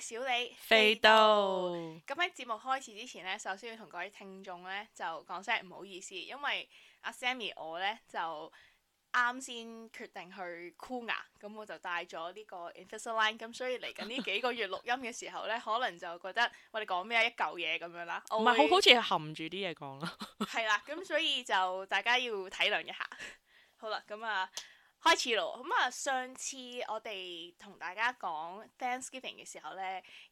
小李，飛刀豆。咁喺節目開始之前呢，首先要同各位聽眾呢就講聲唔好意思，因為阿 Sammy 我呢就啱先決定去箍牙，咁我就帶咗呢個 Invisalign，咁所以嚟緊呢幾個月錄音嘅時候呢， 可能就覺得我哋講咩一嚿嘢咁樣啦。唔係好好似含住啲嘢講咯。係 啦，咁所以就大家要體諒一下。 好啦，咁啊。開始咯，咁、嗯、啊，上次我哋同大家講 Thanksgiving 嘅時候呢，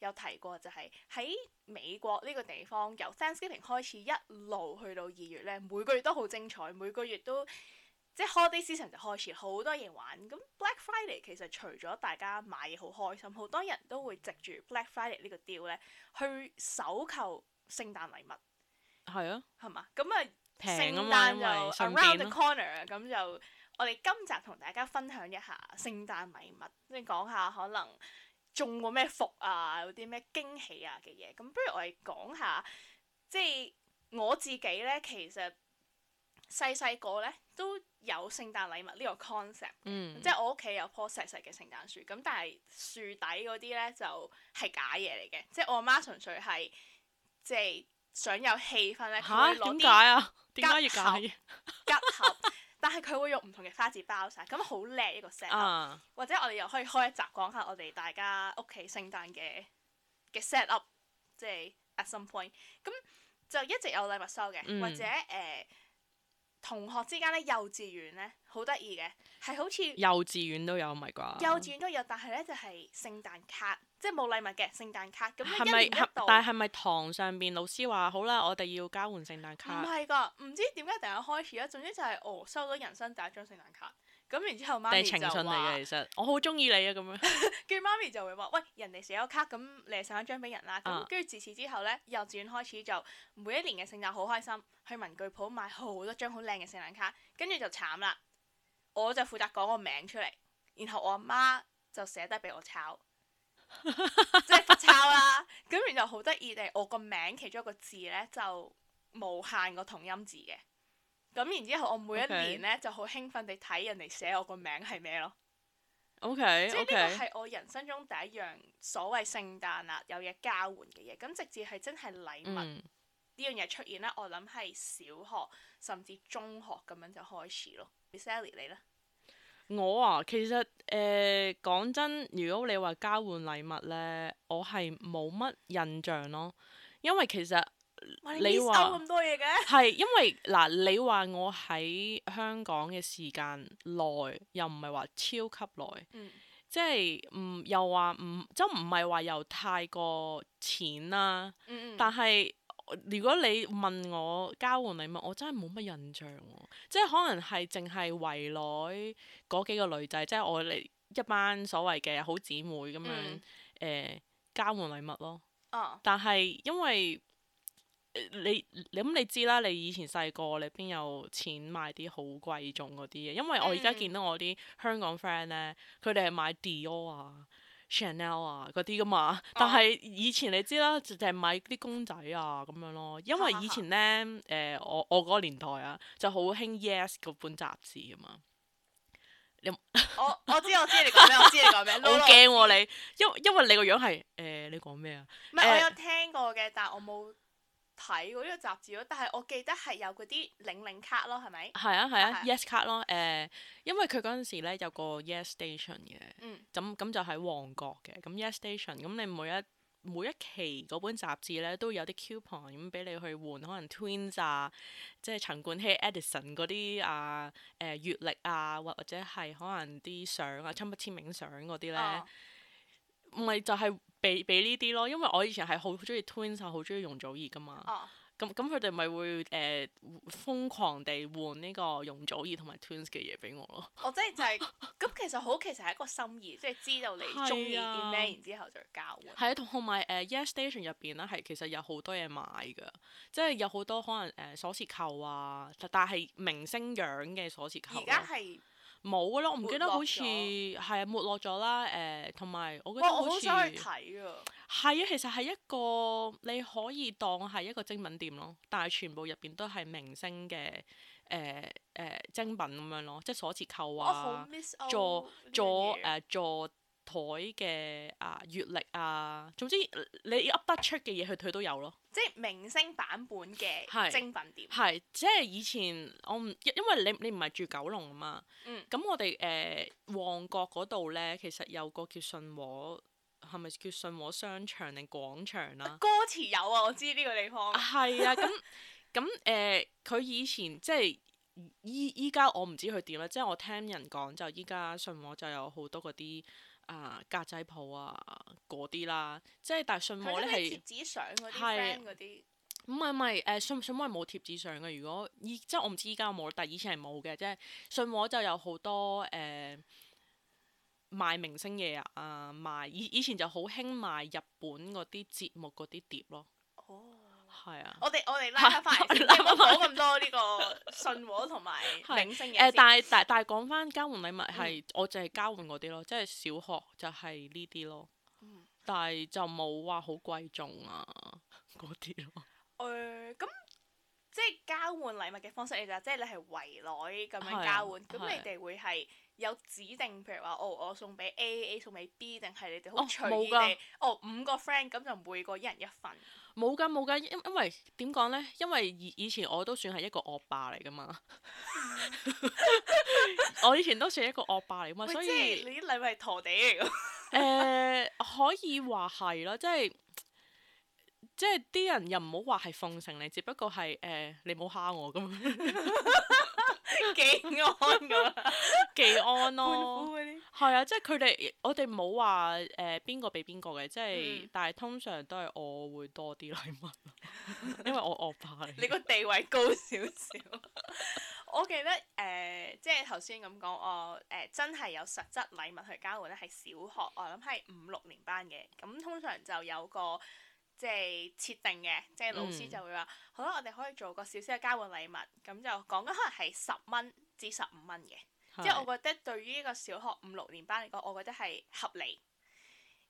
有提過就係、是、喺美國呢個地方由 Thanksgiving 開始一路去到二月呢，每個月都好精彩，每個月都即係 holiday season 就開始好多嘢玩。咁 Black Friday 其實除咗大家買嘢好開心，好多人都會藉住 Black Friday 呢個 deal 呢去搜購聖誕禮物。係對啊，啊，係嘛？咁啊，聖誕就 around the corner，咁、啊、就。我哋今集同大家分享一下聖誕禮物，即係講下可能中過咩福啊，有啲咩驚喜啊嘅嘢。咁不如我哋講下，即係我自己咧，其實細細個咧都有聖誕禮物呢個 concept。嗯、即係我屋企有棵石石嘅聖誕樹，咁但係樹底嗰啲咧就係、係、假嘢嚟嘅，即係我阿媽純粹係即係想有氣氛咧，佢會攞啲吉盒。點解啊？點解要假嘢？吉盒。 但係佢會用唔同嘅花紙包晒，咁好叻。一個 set up，或者我哋又可以開一集講下我哋大家屋企聖誕嘅嘅 set up，即係 at some point，咁就一直有禮物收嘅，mm. 或者誒。呃同學之間咧，幼稚園咧，好得意嘅，係好似幼稚園都有，唔係啩？幼稚園都有，但係咧就係聖誕卡，即係冇禮物嘅聖誕卡。咁係咪？一月一度，但係係咪堂上邊老師話好啦，我哋要交換聖誕卡？唔係噶，唔知點解突然開始咧。總之就係我、哦、收咗人生第一張聖誕卡。咁然之後媽媽，媽咪就話：其實我好中意你啊！咁樣，跟住媽咪就會話：喂，人哋寫咗卡，咁你寫一張俾人啦。咁跟住自此之後呢，幼稚園開始就每一年嘅聖誕好開心，去文具鋪買好多張好靚嘅聖誕卡。跟住就慘啦，我就負責講個名出嚟，然後我阿媽就寫得俾我抄，即係 抄啦。咁然之後好得意地，我個名其中一個字呢，就無限個同音字嘅。咁然之後，我每一年咧 Okay. 就好興奮地睇人哋寫我個名係咩咯。O Okay , K，即係呢個係我人生中第一樣所謂聖誕啊有嘢交換嘅嘢，咁直至係真係禮物呢樣嘢出現咧，我諗係小學甚至中學咁樣就開始咯。Michelle 你咧？我啊，其實誒講、呃、真，如果你話交換禮物呢，我係冇乜印象咯，因為其實。你話我收咁多嘢嘅？係 因為嗱，你話我喺香港嘅時間耐，又唔係話超級耐、嗯，即係唔又話唔，即唔係話又太過淺啦、啊。嗯嗯但係如果你問我交換禮物，我真係冇乜印象、啊。即係可能係淨係圍內嗰幾個女仔，即係我哋一班所謂嘅好姊妹咁樣誒、嗯呃、交換禮物咯。哦、但係因為你你咁你知啦，你以前細個你邊有錢買啲好貴重嗰啲嘢？因為我而家見到我啲香港 friend 咧，佢哋係買 Dior 啊、Chanel 啊嗰啲噶嘛。但係以前你知啦，哦、就係買啲公仔啊咁樣咯。因為以前咧，誒、啊啊啊呃、我我嗰個年代啊，就好興 Yes 嗰本雜誌噶嘛。 我我知我知你講咩，我知，我知你講咩，好驚喎你。因為因為你個樣係誒、呃，你講咩啊？唔係是因為 我有聽過嘅，但我冇。睇嗰個雜誌咯，但係我記得係有嗰啲領領卡咯，係咪？係啊係啊、哦、啊，Yes 卡咯，誒、呃，因為佢嗰陣時咧有個 Yes Station 嘅，咁咁、嗯、就喺旺角嘅，咁、嗯、Yes Station，咁你每一每一期嗰本雜誌咧都有啲 coupon 咁俾你去換，可能 Twins 啊，即係陳冠希、Edison 嗰啲啊，誒、呃、月曆啊，或或者係可能啲相啊，親筆簽名相嗰啲咧。哦。唔係就係俾俾呢啲咯，因為我以前係好中意 twins，好中意容祖兒噶嘛。哦。咁咁佢哋咪會誒、呃、瘋狂地換呢個容祖兒同埋 twins 嘅嘢俾我咯。我真係就係咁， 其實好，其實係一個心意， 即係知道你中意啲咩，然之後就交換。係啊。同埋誒，Yes Station 入邊咧，係其實有好多嘢買㗎，即係有好多可能誒鎖匙扣啊，但係明星樣嘅鎖匙扣啊。而家係。冇噶咯，我唔記得好似係沒落咗啦。誒，同埋、呃、我覺得好似係啊，其實係一個你可以當係一個精品店咯，但係全部入邊都係明星嘅誒誒精品咁樣咯，即係鎖匙扣啊，做做誒做。台嘅啊，閱歷啊，總之你噏得出嘅嘢，佢佢都有咯。即係明星版本嘅精品店。係即係以前我唔因為你你唔係住九龍啊嘛，咁、嗯、我哋誒、呃、旺角嗰度呢，其實有個叫信和，係咪叫信和商場定廣場啊？歌詞有啊，我知呢個地方。係 啊，咁咁誒，佢、呃、以前即係依依家我唔知佢點啦。即係我,我聽人講就依家信和就有好多嗰啲。啊，格仔鋪啊，嗰、啊、啲啦，即係但係信和咧係貼紙相嗰啲 friend 嗰啲。唔係唔係，誒、呃、信信和係冇貼紙相嘅。如果依即係我唔知依家有冇，但係以前係冇嘅。即係信和就有好多誒、呃、賣明星嘢啊，賣以以前就好興賣日本嗰啲節目嗰啲碟咯。係啊，我哋我哋拉一塊，你冇講咁多呢個信和同埋明星嘅。誒、呃，但係但係但係講翻交換禮物係，嗯、我淨係交換嗰啲咯，即係小學就係呢啲咯。嗯、但係就冇話好貴重啊，嗰啲咯。誒、呃，咁即係交換禮物嘅方式嚟，就即係你係圍內咁樣交換，咁、啊啊、你哋會係。有指定，譬如話，哦，我送俾 A，A 送俾 B，定係你哋好隨意地，哦，哦，五個 friend 咁就每個一人一份？冇㗎冇㗎，因因為點講咧？因為以以前我都算係一個惡霸嚟㗎嘛， 我以前都算係一個惡霸嚟嘛，喂所以你啲禮物係陀地嚟㗎。誒 呃，可以話係咯，即係即係啲人又唔好話係奉承你，只不過係誒你冇蝦我咁。幾安噶，幾安咯，係啊，即係佢哋，我哋冇話誒邊個俾邊個嘅，即係，但係通常都係我會多啲禮物，因為我惡霸你個 地位高少少。 我記得誒、呃，即係頭先咁講，我誒、呃、真係有實質禮物去交換咧，係小學，我諗係五六年班嘅，咁通常就有個。即係設定嘅，即係老師就會話：嗯、好啦，我哋可以做個小小嘅交換禮物，咁就講緊可能係十蚊至十五蚊嘅。是即係我覺得對於一個小學五六年班嚟講，我覺得係合理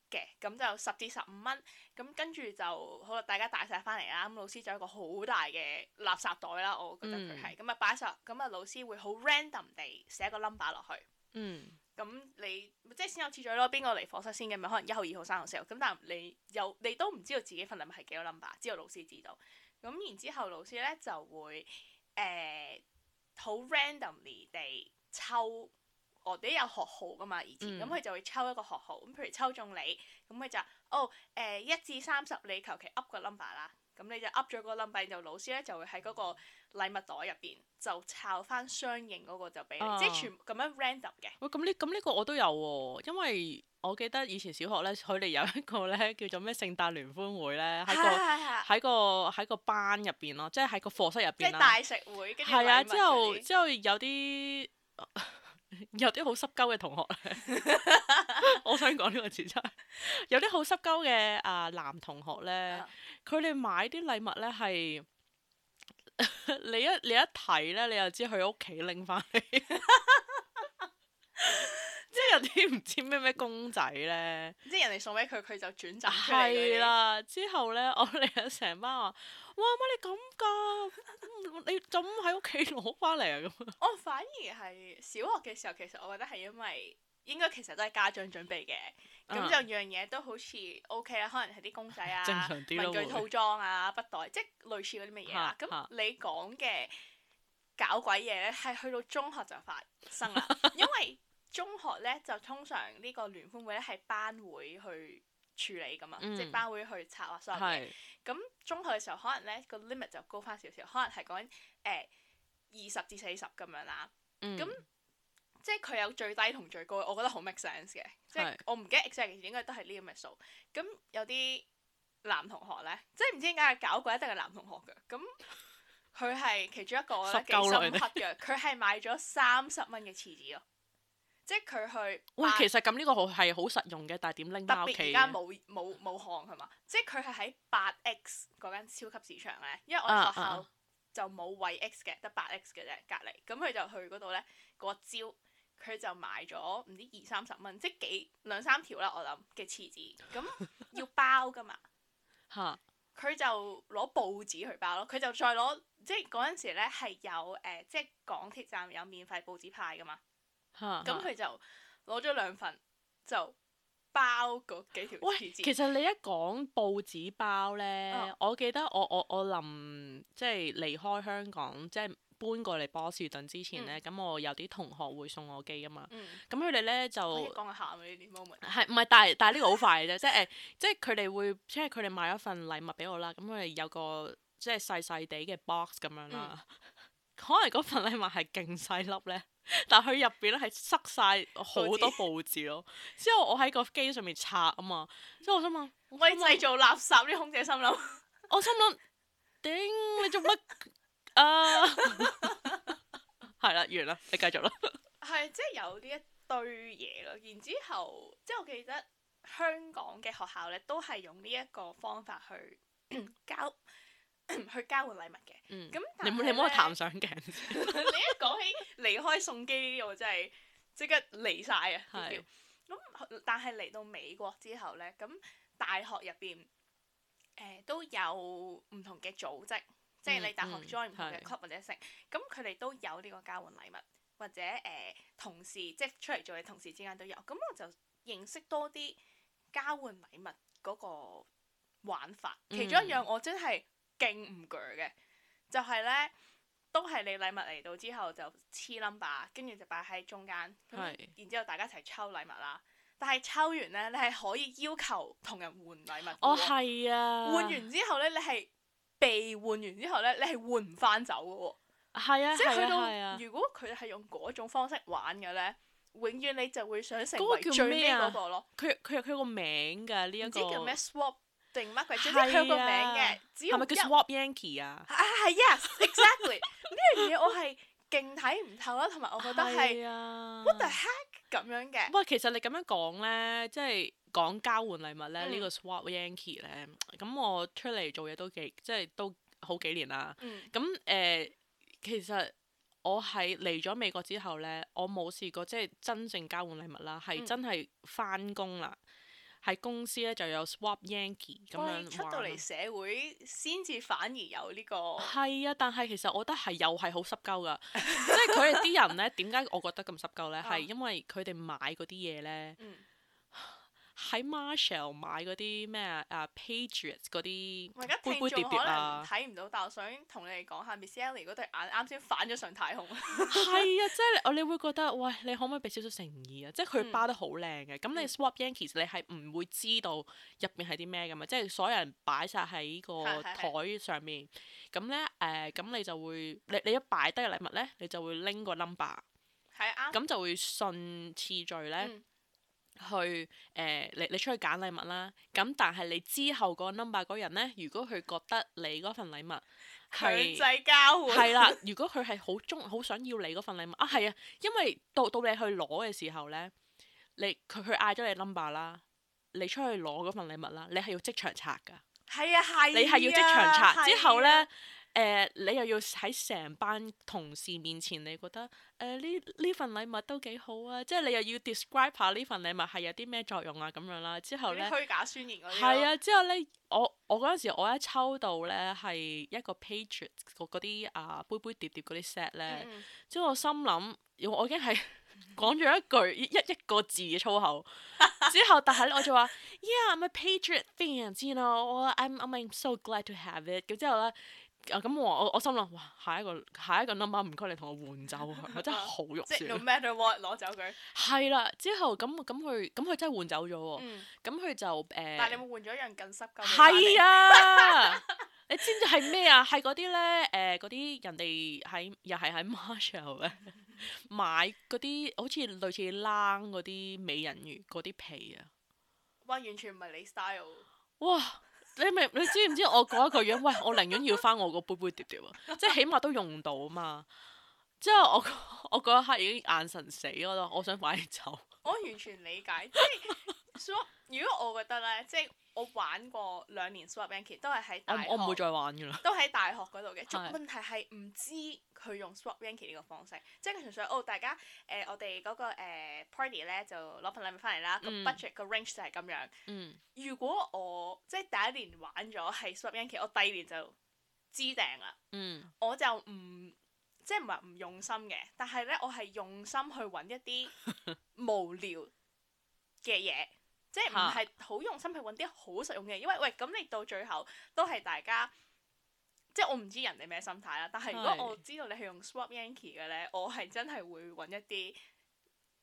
嘅。咁就十至十五蚊，咁跟住就好啦。大家帶晒翻嚟啦。咁老師就有一個好大嘅垃圾袋啦。嗯、我覺得佢係咁啊擺晒。咁啊老師會好 random 地寫個 number 落去。嗯。咁你即係先有次序咯，邊個嚟課室先咁咪可能一號、二號、三號、四號咁，但係你又你都唔知道自己份禮物係幾多 number，只有老師知道。咁然之後老師咧就會誒好、呃、randomly 地抽，我哋、哦、有學號㗎嘛，以前咁佢就會抽一個學號，咁譬如抽中、哦呃、你，咁佢就哦誒一至三十，你求其噏個 number 啦，咁你就噏咗個 number，然後老師咧就會喺嗰、嗰個。禮物袋入邊就抄翻相應嗰個就俾你，嗯、即係全咁樣 random 嘅。喂，咁呢咁呢個我都有喎、哦，因為我記得以前小學咧，佢哋有一個咧叫做咩聖誕聯歡會咧，喺個喺個喺個，個班入邊咯，即係喺個課室入邊，即係大食會，跟住禮物。係啊，之後之後有啲有啲好濕鳩嘅同學咧， 我想講呢個字真係有啲好濕鳩嘅啊男同學咧，佢哋、嗯、買啲禮物咧係。 你一你一睇咧，你又知佢屋企拎翻嚟，即係有啲唔知咩咩公仔咧，即係人哋送俾佢，佢就轉走。出嚟。係啦，之後咧我哋咗成班話，哇乜你咁噶，你, 你怎喺屋企攞翻嚟啊咁？我、 oh, 反而係小學嘅時候，其實我覺得係因為。應該其實都係家長準備嘅，咁樣、uh, 樣嘢都好似 O.K. 啦，可能係啲公仔啊、文具套裝啊、啊筆袋，即係類似嗰啲乜嘢啦。咁、啊、你講嘅搞鬼嘢咧，係去到中學就發生啦， 因為中學咧就通常呢個聯歡會咧係班會去處理噶嘛，嗯、即係班會去策劃所有嘢咁是中學嘅時候可能咧個 limit 就高翻少少，可能係講緊誒二十至四十咁樣啦。咁、嗯即係佢有最低同最高，我覺得好 make sense 嘅。是即係我唔記得 exact，應該都係呢個咁嘅數。咁有啲男同學呢，即係唔知點解搞鬼一定係男同學嘅。咁佢係其中一個我覺得幾深刻嘅，佢係 買咗三十蚊嘅廁紙咯。即係佢去，喂，其實咁呢個號係好實用嘅，但係點拎翻屋企？特別而家冇冇冇行係嘛？即係佢係喺八 X 嗰間超級市場呢，因為我學校就冇偉 X 嘅，得八、uh, uh, uh. X 嘅啫。隔離咁佢就去嗰度呢，嗰招。佢就買咗唔知二三十蚊，即係幾兩三條啦，我諗嘅廁紙，咁要包噶嘛嚇。佢 就攞報紙去包咯，佢就再攞，即係嗰陣時咧係有誒、呃，即係港鐵站有免費報紙派噶嘛。咁佢 就攞咗兩份就包嗰幾條廁紙。其實你一講報紙包咧，哦、我記得我我我臨即係離開香港即係。就是搬過嚟波士頓之前咧，咁、嗯、我有啲同學會送我機啊嘛，咁佢哋咧就講下喊呢啲 moment。係唔係？但係但係呢個好快嘅啫， 即係即係佢哋會，即係佢哋買咗份禮物俾我啦。咁佢哋有個即係細細地嘅 box 咁樣啦。嗯、可能嗰份禮物係勁細粒咧，但係佢入邊咧係塞晒好多報紙咯。 之後我喺個機上面拆啊嘛，之後我心諗，我製造垃圾，啲空姐心諗， 我心諗，頂你做乜？ 啊，係啦， 完啦，你繼續啦。係，即係有呢一堆嘢咯。然之後，即係我記得香港嘅學校咧，都係用呢一個方法去 交 去交換禮物嘅。嗯。咁你你冇去探上鏡。 你一講起離開送機呢啲，我真係即刻離晒啊！係是。咁但係嚟到美國之後咧，咁大學入邊誒都有唔同嘅組織。即係你大學 join 唔同嘅 club、嗯、或者食，咁佢哋都有呢個交換禮物，或者誒、呃、同事，即係出嚟做嘅同事之間都有，咁我就認識多啲交換禮物嗰個玩法。嗯、其中一樣我真係勁唔鋸嘅，就係、是、呢都係你禮物嚟到之後就黐 number，跟住就擺喺中間，嗯、然之後大家一齊抽禮物啦。但係抽完呢，你係可以要求同人換禮物。哦，係啊。換完之後呢，你係。被換完之後咧，你係換唔翻走嘅喎。係啊，即係去到如果佢係用嗰種方式玩嘅咧，永遠你就會想成為最尾嗰個咯。佢佢有佢個名㗎呢一個。唔知叫咩 swap 定乜鬼？即係佢個名嘅。只要係咪叫 swap Yankee 啊？啊係，yes，exactly。呢樣嘢我係勁睇唔透啦，同埋我覺得係 what the heck 咁樣嘅。喂，其實你咁樣講咧，即係。講交換禮物咧，嗯、個呢個 swap Yankee 咧，咁我出嚟做嘢都幾，即係都好幾年啦。咁誒、嗯呃，其實我喺嚟咗美國之後咧，我冇試過即係真正交換禮物啦，係、嗯、真係返工啦，喺公司咧就有 swap Yankee 咁、嗯、樣。出到嚟社會先至反而有呢、呢個。係啊，但係其實我覺得係又係好濕鳩㗎， 即係佢哋啲人咧點解我覺得咁濕鳩咧？係、啊、因為佢哋買嗰啲嘢咧。嗯喺 Marshall 買嗰啲咩啊？啊、uh, Patriots 嗰啲杯杯碟碟，碟，碟啊！睇唔到，但我想同你講下 Miss Ellie 嗰對眼啱先反咗上太空。係 啊，即係我你會覺得，喂，你可唔可以俾少少誠意啊？嗯、即係佢包得好靚嘅，咁、嗯、你 Swap Yankees 你係唔會知道入邊係啲咩嘅嘛？即係所有人擺晒喺個台上面，咁咧誒，咁、嗯嗯呃、你就會你你一擺低禮物咧，你就會拎個 number，係啊，咁、嗯嗯、就會順次序咧。嗯去誒、呃，你你出去揀禮物啦。咁但係你之後個 number 嗰人咧，如果佢覺得你嗰份禮物係交，係啦。如果佢係好鍾好想要你嗰份禮物啊，係啊，因為到到你去攞嘅時候咧，你佢佢嗌咗你 number 啦，你出去攞嗰份禮物啦，你係要即場拆㗎。係啊，係。你係要即場拆之後咧。誒，你又要喺成班同事面前，你覺得誒呢呢份禮物都幾好啊！即係你又要 describe 下呢份禮物係有啲咩作用啊咁樣啦。之後咧，虛假宣言，係啊，之後咧，我我嗰陣時我一抽到咧係一個 Patriot 嗰啲啊杯杯碟碟嗰啲 set 咧，之後我心諗，我已經係講咗一句一一個字嘅粗口，之後但係我就話，Yeah，I'm a Patriot fan，you know，I'm I'm so glad to have it，咁之後啦。啊咁我我心諗哇，下一個下一個 number 唔該你同我換走佢，我真係好肉酸， 即係 no matter what 攞走佢。係啦、嗯，之後咁咁佢咁佢真係換走咗喎。咁佢、嗯、就誒，呃、但係你有冇換咗一樣緊身？係啊， 你知唔知係咩啊？係嗰啲咧誒，嗰、呃、啲人哋喺又係喺 Marshall 咧買嗰啲好似類似冷嗰啲美人魚嗰啲皮啊！哇，完全唔係你 style。哇！你明你知唔知我嗰一句嘢？喂，我寧願要翻我個杯杯碟碟啊！即係起碼都用到嘛。之後我我嗰一刻已經眼神死咗啦，我想快啲走。我完全理解， 即係。 Swap, 如果我覺得咧，即係我玩過兩年 swap rank 都係喺大學我，我我唔會再玩噶啦。都喺大學嗰度嘅，問題係唔知佢用 swap rank 呢個方式，即係佢純粹哦，大家誒、呃、我哋嗰、嗰個、呃、party 咧就攞份禮物翻嚟啦，個 budget 個 range 就係咁樣。嗯、如果我即係第一年玩咗係 swap rank 我第二年就知定啦、嗯。我就唔即係唔係唔用心嘅，但係咧我係用心去揾一啲無聊嘅嘢。 即係唔係好用心去揾啲好實用嘅，因為喂咁你到最後都係大家，即係我唔知人哋咩心態啦。但係如果我知道你係用 Swap Yankee 嘅咧，是我係真係會揾一啲誒、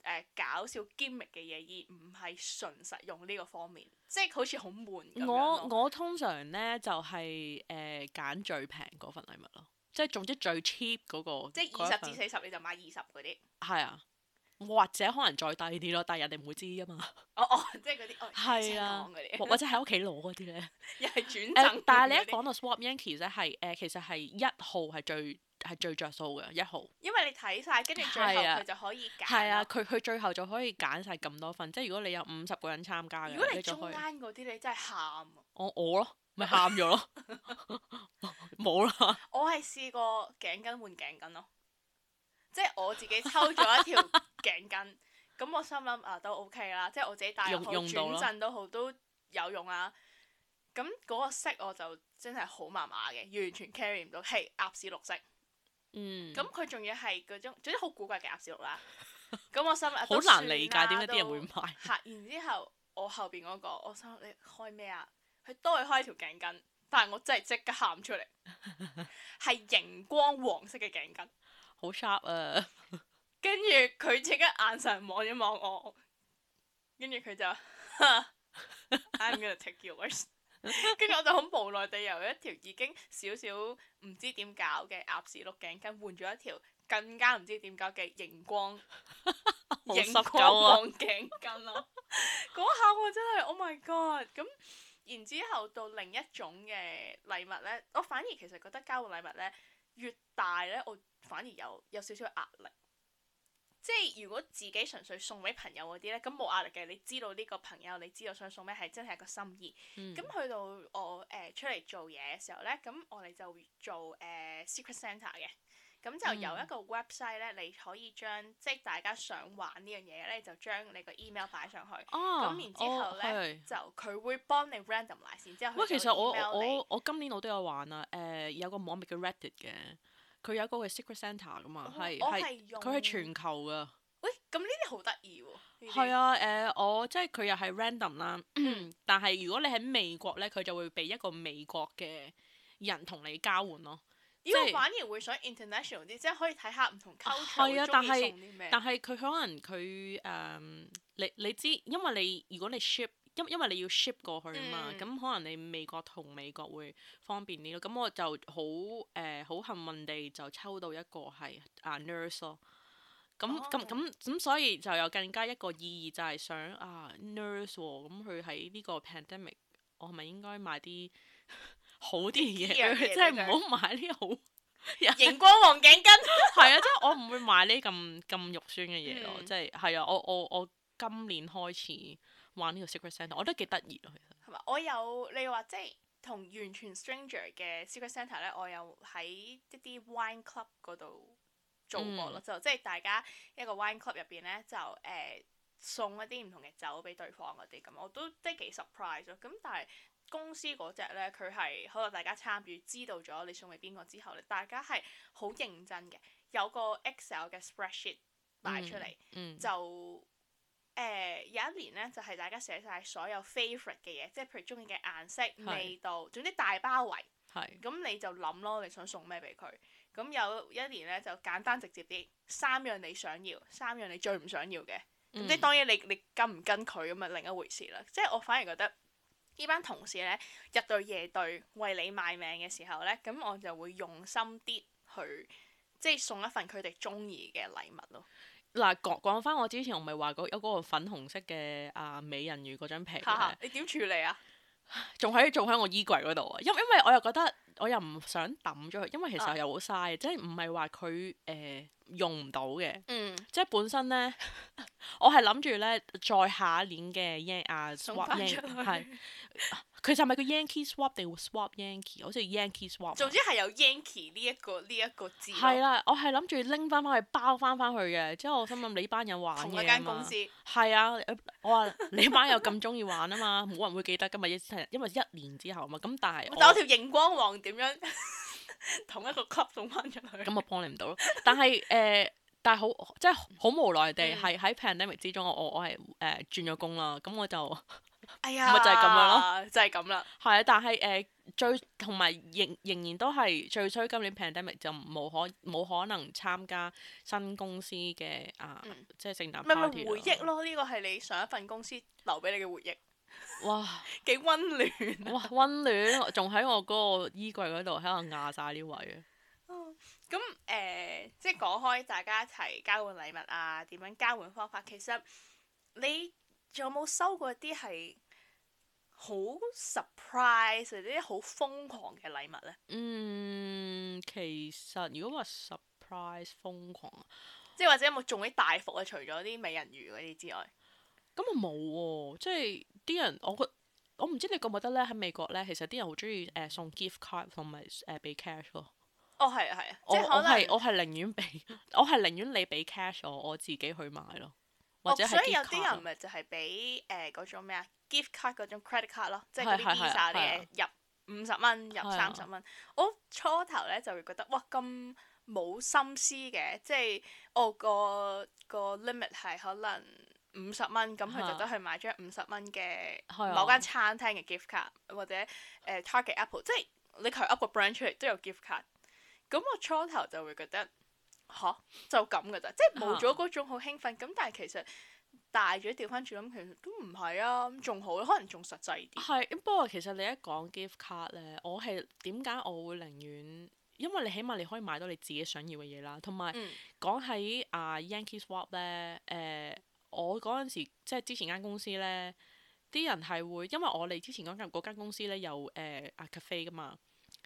呃、搞笑 gimmick 嘅嘢，而唔係純實用呢個方面，即係好似好悶我樣我，我通常咧就係誒揀最平嗰份禮物咯，即係總之最 cheap 嗰、嗰個，即係二十至四十你就買二十嗰啲。係啊。或者可能再低啲咯，但係人哋唔會知噶嘛。哦哦，即係嗰啲哦，即係講嗰啲，或者喺屋企攞嗰啲咧。又係轉。但係你一講到 swap Yankee 咧，係誒，其實係一號係最係最著數嘅一號。因為你睇晒，跟住最後佢就可以揀。係啊，佢佢最後就可以揀晒咁多份，即係如果你有五十個人參加嘅。如果你中間嗰啲，你真係喊啊！我我咯，咪喊咗咯，冇啦。我係試過頸巾換頸巾咯。即係我自己抽咗一條頸巾，咁 我心諗啊都 OK 啦，即係我自己戴又好用轉陣都好都有用啊。咁嗰用個色我就真係好麻麻嘅，完全 carry 唔到，係鴨屎綠色。嗯。咁佢仲要係嗰種，總之好古怪嘅鴨屎綠啦。咁 我心諗好難理解點解啲人會買。嚇、啊！然之後我後邊嗰、那個，我心諗你開咩啊？佢都係開條頸巾，但係我真係即刻喊出嚟，係熒 光黃色嘅頸巾。好 sharp 啊！跟住佢即刻眼神望一望我，跟住佢就 I'm gonna take yours。 跟住我就好無奈地由一條已經少少唔知點搞嘅鴨屎綠頸巾換咗一條更加唔知點搞嘅熒光熒 控、啊、光頸巾咯。嗰 下我真係 oh my god！咁然之後到另一種嘅禮物呢，我反而其實覺得交換禮物呢，越大呢。我。反而有有少少壓力，即係如果自己純粹送俾朋友嗰啲咧，咁冇壓力嘅。你知道呢個朋友，你知道想送咩，係真係個心意。咁、嗯、去到我誒、呃、出嚟做嘢嘅時候咧，咁我哋就做誒、呃、Secret Santa 嘅。咁就有一個 website 咧，你可以將即係大家想玩呢樣嘢咧，就將你個 email 擺上去。啊、哦。咁、哦、然之後咧，就佢會幫你 random 埋，然之後。喂，其實我我我，我，我今年我都有玩啊。誒、呃，有個網名叫 Reddit 嘅。佢有一個嘅 secret center 㗎嘛，係係、哦，佢係全球嘅。喂，咁呢啲好得意喎。係啊，誒，啊 uh, 我即係佢又係 random 啦，嗯、但係如果你喺美國咧，佢就會俾一個美國嘅人同你交換咯。依個反而會想 international 啲，就是、即係可以睇下唔同 culture 好鍾意送啲咩但係佢可能佢誒、um,，你你知，因為你如果你 ship。因因為你要 ship 過去啊嘛，咁可能你美國同美國會方便啲咯。咁我就好誒好幸運地就抽到一個係啊 nurse 咯。咁咁咁咁，所以就有更加一個意義就係想啊 nurse 喎，咁佢喺呢個 pandemic，我係咪應該買啲好啲嘢？即係唔好買呢好熒光黃頸巾。係啊，即係我唔會買呢咁咁肉酸嘅嘢咯。即係係啊，我我我今年開始。玩呢個 secret center 我覺得幾得意咯，其實。係嘛？我有你話即係同完全 stranger 嘅 secret center 咧，我有喺一啲 wine club 度做過咯，嗯、就即係大家一個 wine club 入邊咧就誒、呃、送一啲唔同嘅酒俾對方嗰啲咁，我都即係幾 surprise 咯。咁但係公司嗰隻咧，佢係可能大家參與知道咗你送俾邊個之後咧，大家係好認真嘅，有個 Excel 嘅 spreadsheet 擺出嚟，嗯嗯、就。誒、呃、有一年呢，就係、是、大家寫晒所有 favorite 嘅嘢，即係譬如中意嘅顏色、是味道，總之大包圍。係咁是你就諗咯，你想送咩俾佢？咁有一年呢，就簡單直接啲，三樣你想要，三樣你最唔想要嘅。咁、嗯、即係當然你你，你跟唔跟佢咁係另一回事啦。即係我反而覺得呢班同事呢，日對夜對為你賣命嘅時候呢，咁我就會用心啲去即係送一份佢哋中意嘅禮物咯。嗱，講講翻我之前，我咪話過有嗰個粉紅色嘅啊美人魚嗰張皮，哈哈，你點處理啊？仲喺仲喺我衣櫃嗰度啊，因因為我又覺得我又唔想抌咗佢，因為其實又好嘥，啊、即係唔係話佢誒用唔到嘅，嗯，即係本身咧，我係諗住咧再下一年嘅啊送翻出去 其實係咪叫 Yankee Swap 定 sw Yan Swap Yankee？好似 Yankee Swap。總之係有 Yankee 呢、這、一個呢一、這個字。係啦，我係諗住拎翻翻去包翻翻去嘅。之、就、後、是、我心諗你班人玩嘅同一間公司。係啊，我話你班又咁中意玩啊嘛，冇 人會記得今日一係因為一年之後啊嘛。咁但係。有條熒光王點樣 同一個 cup 送翻出去？咁咪幫你唔到咯。但係誒、呃，但係好即係好無奈地係喺、嗯、pandemic 之中，我我係誒、呃、轉咗工啦。咁我就。咪、哎、就係咁樣咯，就係咁啦。係啊，但係誒、呃，最同埋仍仍然都係最衰，今年 pandemic 就冇可冇可能參加新公司嘅啊，呃嗯、即係聖誕。咪咪回憶咯，呢個係你上一份公司留俾你嘅回憶。哇！幾溫 暖、啊、暖。哇！溫暖，仲喺我嗰個衣櫃嗰度，喺度壓晒呢位啊。哦，咁誒、呃，即係講開，大家一齊交換禮物啊？點樣交換方法？其實你。仲有冇收過一啲係好 surprise 或者啲好瘋狂嘅禮物咧？嗯，其實如果話 surprise 瘋狂，即係或者有冇中啲大福啊？除咗啲美人魚嗰啲之外，咁我冇喎、啊。即係啲人我我唔知你覺唔覺得咧，喺美國咧，其實啲人好中意誒送 gift card 同埋誒、呃、俾 cash 咯。哦，係啊，係啊，即係可能我係我係寧願俾我係寧願你俾 cash 我，我自己去買咯。哦，是是所以有啲人咪就係俾誒嗰種咩啊，gift card c a 卡嗰種 credit card 咯， 即係嗰啲 Visa 啲嘢入五十蚊入三十蚊。嗯嗯、我初頭咧就會覺得哇咁冇心思嘅，即係我、哦嗰個、嗰個 limit 係可能五十蚊，咁佢、嗯、就得去買張五十蚊嘅某間餐廳嘅 gift card，、嗯嗯、或者誒、呃、Target Apple，即係你求 up 個 brand 出嚟都有 gift card。咁我初頭就會覺得。嚇就咁噶咋，即係冇咗嗰種好興奮。咁、嗯、但係其實大咗，調翻轉諗，其實都唔係啊，仲好，可能仲實際啲。係咁，不過其實你一講 gift card 咧，我係點解我會寧願？因為你起碼你可以買到你自己想要嘅嘢啦。同埋講起啊，Yankee Swap 咧，誒、嗯，uh, uh, 我嗰陣時即係之前間公司咧，啲人係會因為我哋之前嗰間嗰間公司咧有誒啊、uh, cafe 噶嘛，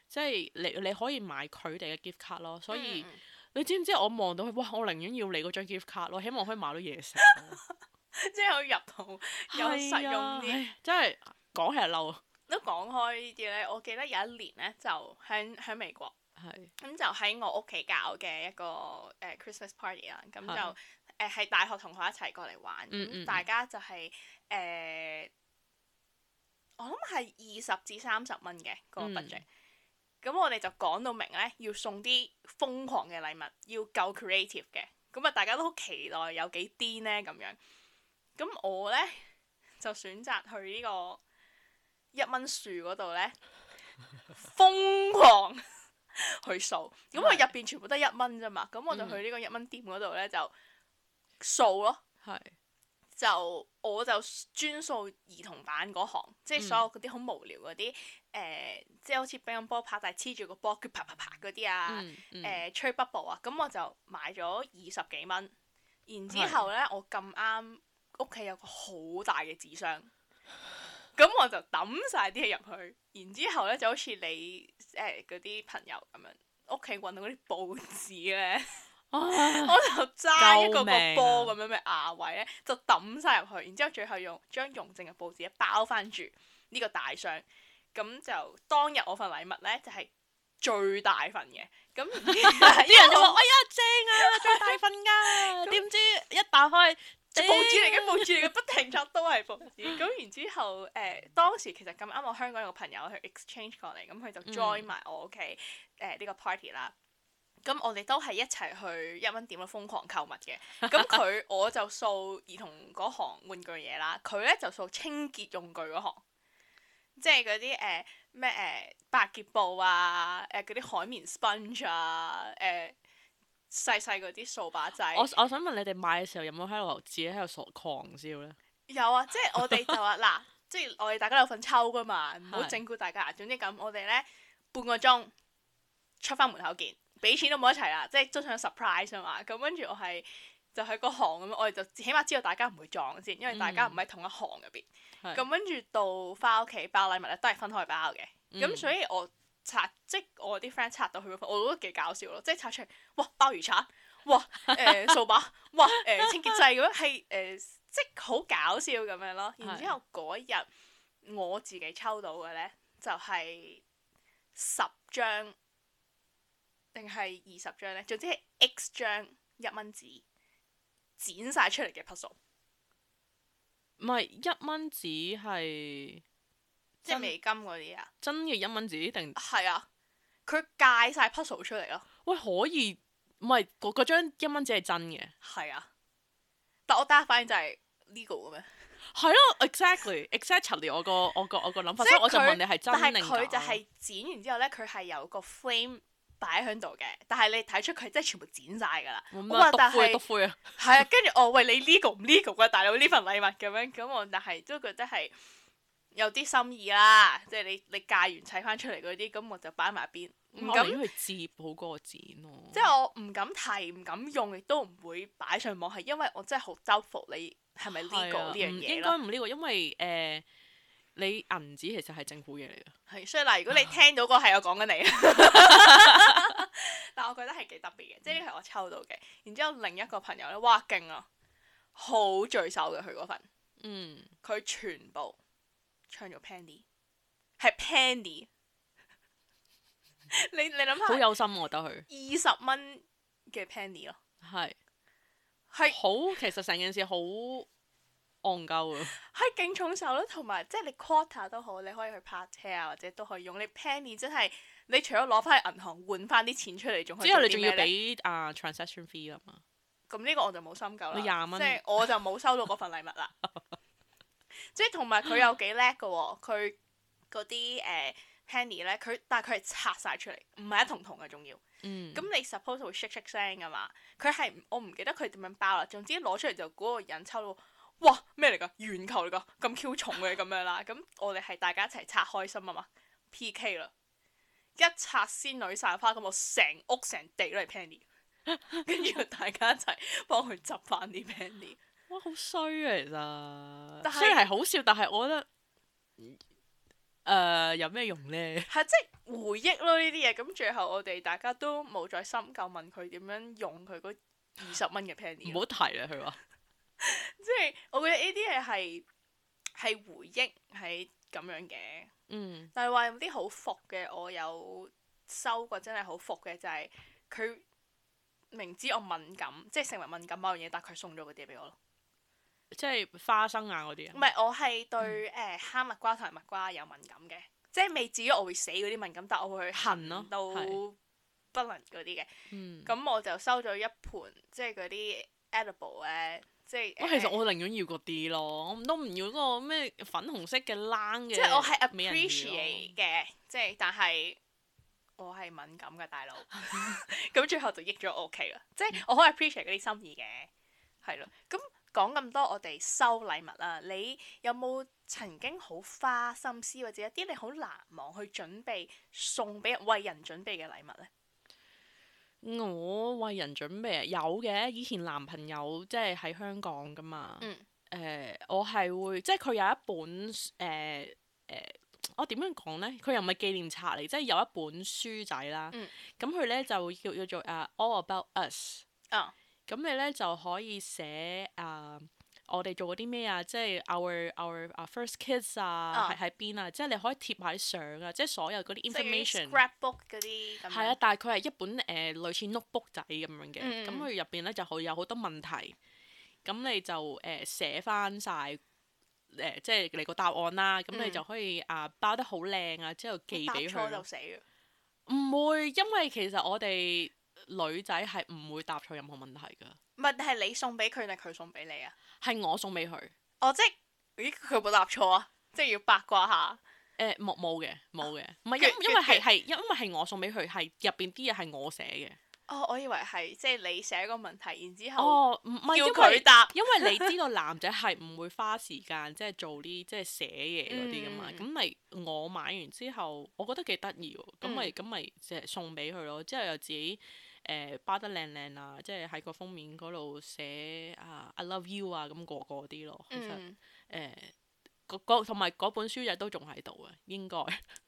即係你你可以買佢哋嘅 gift card 咯，所以。嗯你知唔知我望到佢，哇！我寧願要你嗰張 gift 卡咯，希望可以買到嘢食， 即係可以入到， 有實用啲、啊。真係講起就嬲。都講開呢啲咧，我記得有一年咧，就喺喺美國，咁是就喺我屋企搞嘅一個誒、呃、Christmas party 啦。咁就誒係大學同學一齊過嚟玩，大家就係、是、誒、呃，我諗係二十至三十蚊嘅嗰個 budget。嗯咁我哋就講到明呢，要送啲瘋狂嘅禮物，要夠 creative 嘅，咁啊大家都好期待有幾癲呢？咁樣。咁我呢，就選擇去呢個一蚊樹嗰度呢，瘋 瘋狂 去掃，咁我入邊全部得一蚊啫嘛，咁我就去呢個一蚊店嗰度呢，就掃咯。嗯 就我就專數兒童版嗰行，即係所有嗰啲好無聊嗰啲，誒、嗯，即係好似乒乓波拍，但係黐住個波，佢啪啪啪嗰啲啊，誒、嗯嗯呃，吹 bubble 啊，咁、嗯、我就買咗二十幾蚊，然之後呢，的我咁啱屋企有個好大嘅紙箱，咁我就抌晒啲嘢入去，然之後呢，就好似你誒嗰啲朋友咁樣，屋企揾到嗰啲報紙呢。 我就揸一個個波咁樣嘅牙、啊、位咧，就抌晒入去，然之後最後用將用剩嘅報紙包翻住呢個大箱，咁就當日我份禮物呢，就係、是、最大份嘅，咁啲 人就話： 哎呀，正啊，最大份㗎！點 知一打開， 報紙嚟嘅，報紙嚟嘅，不停拆都係報紙。咁 然之後，誒、呃，當時其實咁啱，我香港有個朋友去 exchange 過嚟，咁佢就 join 埋我屋企、嗯，誒呢個 party 啦。咁我哋都係一齊去一蚊店咯，瘋狂購物嘅。咁佢 我就掃兒童嗰行玩具嘢啦，佢咧就掃清潔用具嗰行，即係嗰啲誒咩誒百潔布啊，誒嗰啲海綿 sponge 啊，誒細細嗰啲掃把仔。我我想問你哋買嘅時候有冇喺度自己喺度傻狂笑咧？有啊，即係我哋就話嗱， 即係我哋大家有份抽噶嘛，唔好整蠱大家。總之咁，我哋咧半個鐘出翻門口見。俾錢都冇一齊啦，即係都上 surprise 啊嘛。咁跟住我係就喺嗰行咁樣，我哋就起碼知道大家唔會撞先，因為大家唔喺同一行入邊。咁跟住到翻屋企包禮物咧，都係分開包嘅。咁、嗯、所以我拆即我啲 friend 拆到佢，我覺得幾搞笑咯。即係拆出嚟，哇鮑魚刷，哇誒掃把，呃、數碼 哇誒、呃、清潔劑咁樣，係誒、呃、即係好搞笑咁樣咯。然之後嗰日我自己抽到嘅咧就係十張。定係二十張咧，總之係 X 張一蚊紙剪晒出嚟嘅 Puzzle 唔係一蚊紙係即係美金嗰啲啊？真嘅一蚊紙定係啊？佢界晒 Puzzle 出嚟咯。喂，可以唔係嗰嗰張一蚊紙係真嘅？係啊，但我第一反應就係呢個咁樣？係 咯、right.，exactly，exactly，我個我個我個諗法，所以我就問你係真定假？但係佢就係剪完之後咧，佢係有個 frame。擺喺度嘅，但係你睇出佢真係全部剪晒噶啦。冇乜、嗯，禿灰啊禿灰係啊，跟住我：哦「喂，你 legal 唔 legal 嘅，大佬呢份禮物咁樣，咁我但係都覺得係有啲心意啦。即係你你嫁完砌翻出嚟嗰啲，咁我就擺埋邊。唔敢去接好嗰個剪咯、啊。即係我唔敢提，唔敢用，亦都唔會擺上網，係因為我真係好周服你係咪 legal 呢樣嘢啦？是是啊、應該唔 legal，因為誒。呃你銀紙其實係政府嘢嚟㗎，係，所以嗱，如果你聽到個係、啊、我講緊你， 但我覺得係幾特別嘅，即係我抽到嘅。嗯、然之後另一個朋友咧，哇勁啊，好聚首嘅佢嗰份，嗯，佢全部唱咗 p a n d y 係 p a n d y 你你諗下，好有心我覺得佢二十蚊嘅 p a n d y 咯，係係是是好，其實成件事好。戇鳩啊！係勁重手咯，同埋即係你 quarter 都好，你可以去拍車啊，或者都可以用你 penny 真、就、係、是，你除咗攞翻去銀行換翻啲錢出嚟，仲可以之後你仲要俾啊、uh, transaction fee 啊嘛。咁呢個我就冇心夠啦。廿蚊，即係我就冇收到嗰份禮物啦。 即係同埋佢有幾叻嘅喎，佢嗰啲誒 penny 咧，佢、uh, 但係佢係拆晒出嚟，唔係一筒筒嘅，仲要。嗯。咁你 suppose 會 shake shake 聲嘅嘛？佢係我唔記得佢點樣包啦。總之攞出嚟就嗰個人抽到。哇，咩嚟㗎？圓球嚟㗎，咁 Q 重嘅咁樣啦。咁 我哋係大家一齊拆開心啊嘛。P. K. 啦，一拆仙女散花咁，我成屋成地都係 penny。跟住 大家一齊幫佢執返啲 penny。哇，好衰啊！其實、啊、但是雖然係好笑，但係我覺得誒、呃、有咩用咧？係即係回憶咯呢啲嘢。咁最後我哋大家都冇再深究問佢點樣用佢嗰二十蚊嘅 penny。唔好提啦，佢話。即係我覺得呢啲嘢係係回憶係咁樣嘅，嗯、但係話有啲好服嘅，我有收過真係好服嘅就係、是、佢明知我敏感，即係食物敏感某樣嘢，但係佢送咗嗰啲俾我咯。即係花生啊嗰啲啊。唔係我係對誒哈密瓜同埋蜜，蜜瓜有敏感嘅，即係未至於我會死嗰啲敏感，但係我會痕咯、啊，都不能嗰啲嘅。咁、嗯、我就收咗一盤即係嗰啲 edible 咧。即係，我其實我寧願要嗰啲咯，我唔都唔要嗰個咩粉紅色嘅冷嘅。即係我係 appreciate 嘅，即係但係我係敏感嘅大佬。咁 最後就益咗我屋企啦。即係我可以 appreciate 嗰啲心意嘅，係咯。咁講咁多，我哋收禮物啦。你有冇曾經好花心思，或者一啲你好難忘去準備送俾人、為人準備嘅禮物咧？我為人準備啊有嘅，以前男朋友即係喺香港噶嘛，誒、嗯呃、我係會即係佢有一本誒誒、呃呃，我點樣講咧？佢又唔係紀念冊嚟，即係有一本書仔啦。咁佢咧就叫叫做啊、uh,，All About Us。啊、哦，咁你咧就可以寫啊。Uh, 我哋做咗啲咩啊？即係 our our first kids 啊，係喺邊啊？即係你可以貼埋相啊！即係所有嗰啲 information。即係 scrapbook 嗰啲咁。係啊，但係佢係一本誒、呃、類似 notebook 仔咁樣嘅，咁佢入邊咧就好有好多問題。咁你就誒、呃、寫翻晒，誒、呃，即係你個答案啦。咁、嗯、你就可以啊、呃，包得好靚啊，之後寄俾佢。答錯就死。唔會，因為其實我哋。女仔係唔會答錯任何問題噶，唔係，係你送俾佢定佢送俾你啊？係我送俾佢，哦，即係咦，佢有冇答錯啊？即係要八卦下。誒，冇冇嘅，冇嘅，唔係因因為係係因為係我送俾佢，係入邊啲嘢係我寫嘅。哦，我以為係即係你寫個問題，然之後哦，唔係要佢答，因為你知道男仔係唔會花時間即係做啲即係寫嘢嗰啲噶嘛。咁咪我買完之後，我覺得幾得意，咁咪咁咪即係送俾佢咯。之後又自己。誒、呃、包得靚靚啊！即係喺個封面嗰度寫啊，啊，I love you 啊咁個個啲咯。嗯、其實誒同埋嗰本書就都仲喺度啊，應該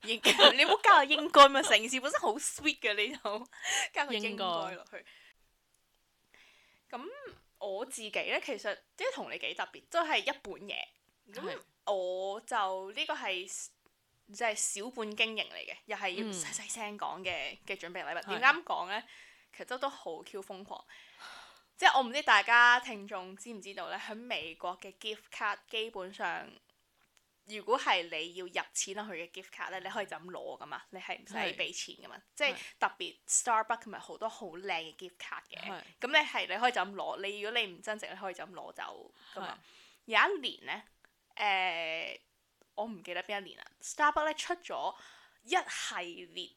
應該你唔好加， 加個應該嘛！城市本身好 sweet 嘅，你又加個應該落去。咁我自己咧，其實即係同你幾特別，都、就、係、是、一本嘢。咁、嗯、是我就呢個係即係小本經營嚟嘅，又係要細細聲講嘅嘅準備禮物。點啱講咧？其實都好 Q 瘋狂，即係我唔知大家聽眾知唔知道咧？喺美國嘅 gift card 基本上，如果係你要入錢落去嘅 gift card 咧，你可以就咁攞噶嘛，你係唔使俾錢噶嘛。是即係是特別 Starbucks 咪好多好靚嘅 gift card 嘅，咁是你係你可以就咁攞。你如果你唔增值，你可以就咁攞走噶嘛。是有一年咧，誒、呃，我唔記得邊一年啦，Starbucks 咧出咗一系列。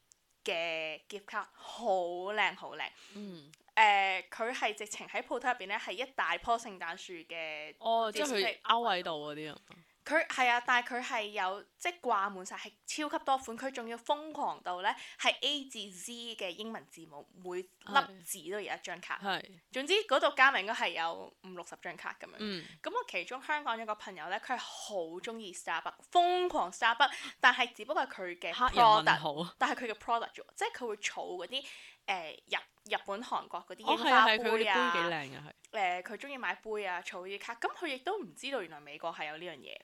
嘅 gift 卡好靚好靚，嗯、呃，誒佢係直情喺鋪頭入邊咧係一大棵聖誕樹嘅，哦，即係佢勾喺度嗰啲啊。哇佢係啊，但係佢係有即係掛滿晒，係超級多款。佢仲要瘋狂到呢，係 A 至 Z 嘅英文字母，每粒字都有一張卡。係的。總之嗰度加埋應該係有五六十張卡咁樣。嗯。咁我其中香港有個朋友呢，佢係好中意 Starbucks，瘋狂 Starbucks，但係只不過佢嘅 product，但係佢嘅 product 啫，即係佢會儲嗰啲誒日日本韓國嗰啲櫻花杯啊。我係係佢啲杯幾靚嘅係。誒，佢中意買杯啊，儲啲卡。咁佢亦都唔知道原來美國係有呢樣嘢。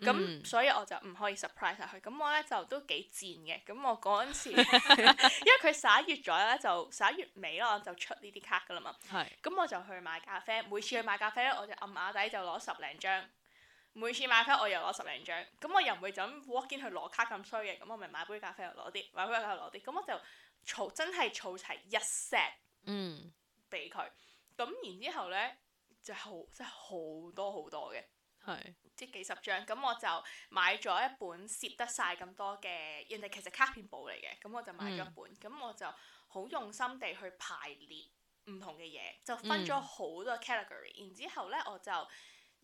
咁、嗯、所以我就唔可以 surprise 佢。咁我咧就都幾賤嘅。咁我嗰陣時， 因為佢十一月左右咧就十一月尾啦，我就出呢啲卡噶啦嘛。係是。咁我就去買咖啡，每次去買咖啡咧，我就暗啞底就攞十零張。每次買咖啡我又攞十零張，咁我又唔會就咁 walk in 去攞卡咁衰嘅。咁我咪買杯咖啡攞啲，買杯咖啡攞啲。咁我就儲真係儲齊一 set。嗯。俾佢。咁然之後咧，就好真係好多好多嘅。係。即幾十張咁，我就買咗一本攝得晒咁多嘅人哋其實卡片簿嚟嘅，咁我就買咗一本，咁、嗯、我就好用心地去排列唔同嘅嘢，就分咗好多 category，、嗯、然之後呢，我就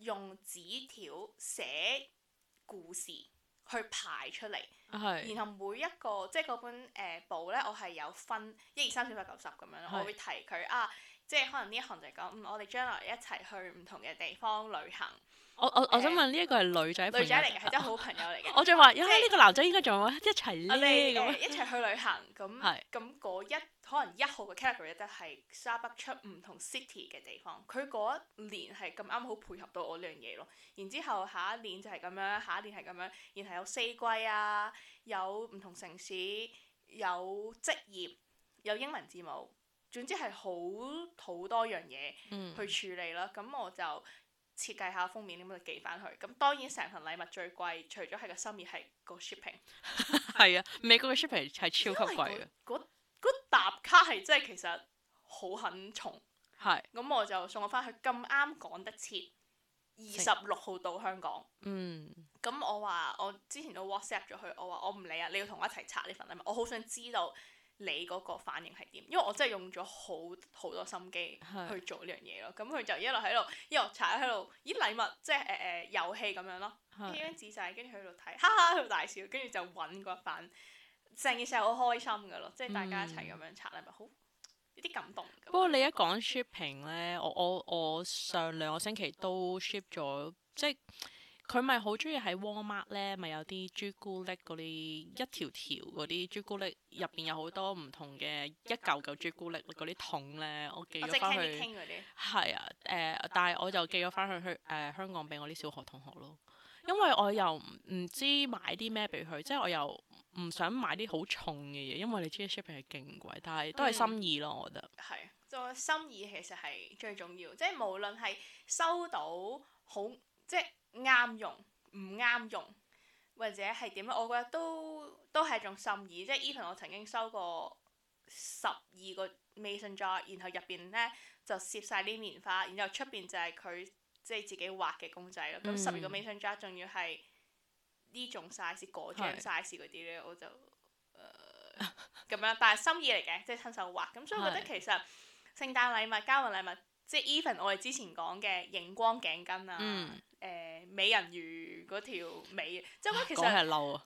用紙條寫故事去排出嚟，嗯、然後每一個即係嗰本誒、呃、簿呢，我係有分一、嗯、二、三、四、五、八、九、十咁樣，我會提佢啊，即、就、係、是、可能呢一行就係講、嗯，我哋將來一齊去唔同嘅地方旅行。我我我想問呢一個係女仔，女仔嚟嘅係真係好朋友嚟嘅。我仲話，因為呢個男仔應該仲一齊咧，咁一齊去旅行。咁咁嗰一可能一號嘅 category 得係沙北出唔同 city 嘅地方。佢嗰一年係咁啱好配合到我呢樣嘢咯。然之後下一年就係咁樣，下一年係咁樣。然後有四季啊，有唔同城市，有職業，有英文字母，總之係好好多樣嘢去處理啦。咁、嗯、我就。設計下封面，咁就寄翻去。咁當然成份禮物最貴，除咗係個心意，係、 個 shipping。係啊，美國嘅 shipping 係超級貴嘅。嗰嗰沓卡係真係其實好很重。係是。咁我就送我翻去，咁啱趕得切。二十六號到香港。嗯。咁我話我之前都 WhatsApp 咗佢，我話我唔理啊，你要同我一齊拆呢份禮物，我好想知道。你嗰個反應係點？因為我真係用咗好好多心機去做呢樣嘢咯，咁佢是的、嗯、就一路喺度一路查喺度，咦禮物即係誒誒遊戲咁樣咯，啲紙是的、嗯、仔跟住喺度睇，哈哈喺度大笑，跟住就揾嗰份，成件事好開心㗎咯，即係大家一齊咁樣拆禮物，好有啲感動。嗯、不過你一講 shipping 咧，我我我上兩個星期都 ship 咗，即、就、係、是。佢咪好中意喺 w a m 窩麥咧，咪有啲朱古力嗰啲，一條條嗰啲朱古力入邊有好多唔同嘅一嚿嚿朱古力嗰啲桶咧，我寄咗翻去。哦、即係傾啲傾嗰啲。係啊，誒、呃，但係我就寄咗翻去去誒、呃、香港俾我啲小學同學咯，因為我又唔唔知買啲咩俾佢，即係我又唔想買啲好重嘅嘢，因為你知 e shopping 勁貴，但係都係心意咯，我覺得。係、嗯，個心意其實係最重要，即係無論係收到好即係。啱用唔啱用或者係點咧？我覺得都都係一種心意，即係 even 我曾經收過十二個 mason jar，然後入邊呢就攝晒啲棉花，然後出邊就係佢即係自己畫嘅公仔咯。咁十二個 mason jar 仲要係呢種 size，種 size、嗰種 size 嗰啲呢，我就咁、呃、 樣，但係心意嚟嘅，即係親手畫咁，所以我覺得其實是聖誕禮物、交換禮物，即係 even 我哋之前講嘅螢光頸巾啊。嗯誒、呃、美人魚嗰條尾，即係講其實真係嬲啊，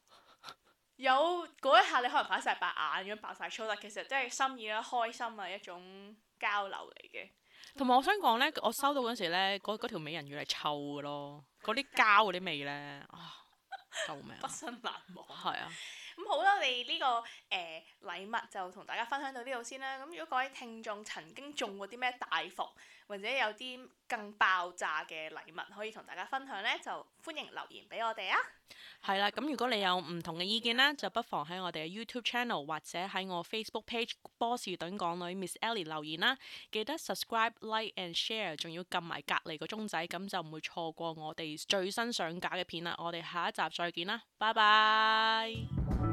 有嗰一下你可能擺晒白眼咁樣爆曬粗，但其實都係心意啦，開心啊，一種交流嚟嘅、嗯。同埋我想講咧，我收到嗰陣時咧，嗰、嗯、條美人魚係臭嘅咯，嗰啲、嗯、膠嗰啲味咧，救命！ 畢生難忘。係 啊。咁好啦，你呢個誒禮物就同大家分享到呢度先啦。咁如果各位聽眾曾經中過啲咩大伏？或者有啲更爆炸嘅禮物可以同大家分享呢，就歡迎留言俾我哋啊！係啦，咁如果你有唔同嘅意見咧，就不妨喺我哋嘅 YouTube channel 或者喺我 Facebook page 波士頓港女 Miss Ellie 留言啦。記得 subscribe、like and share，仲要撳埋隔離個鐘仔，咁就唔會錯過我哋最新上架嘅片啦。我哋下一集再見啦，拜拜！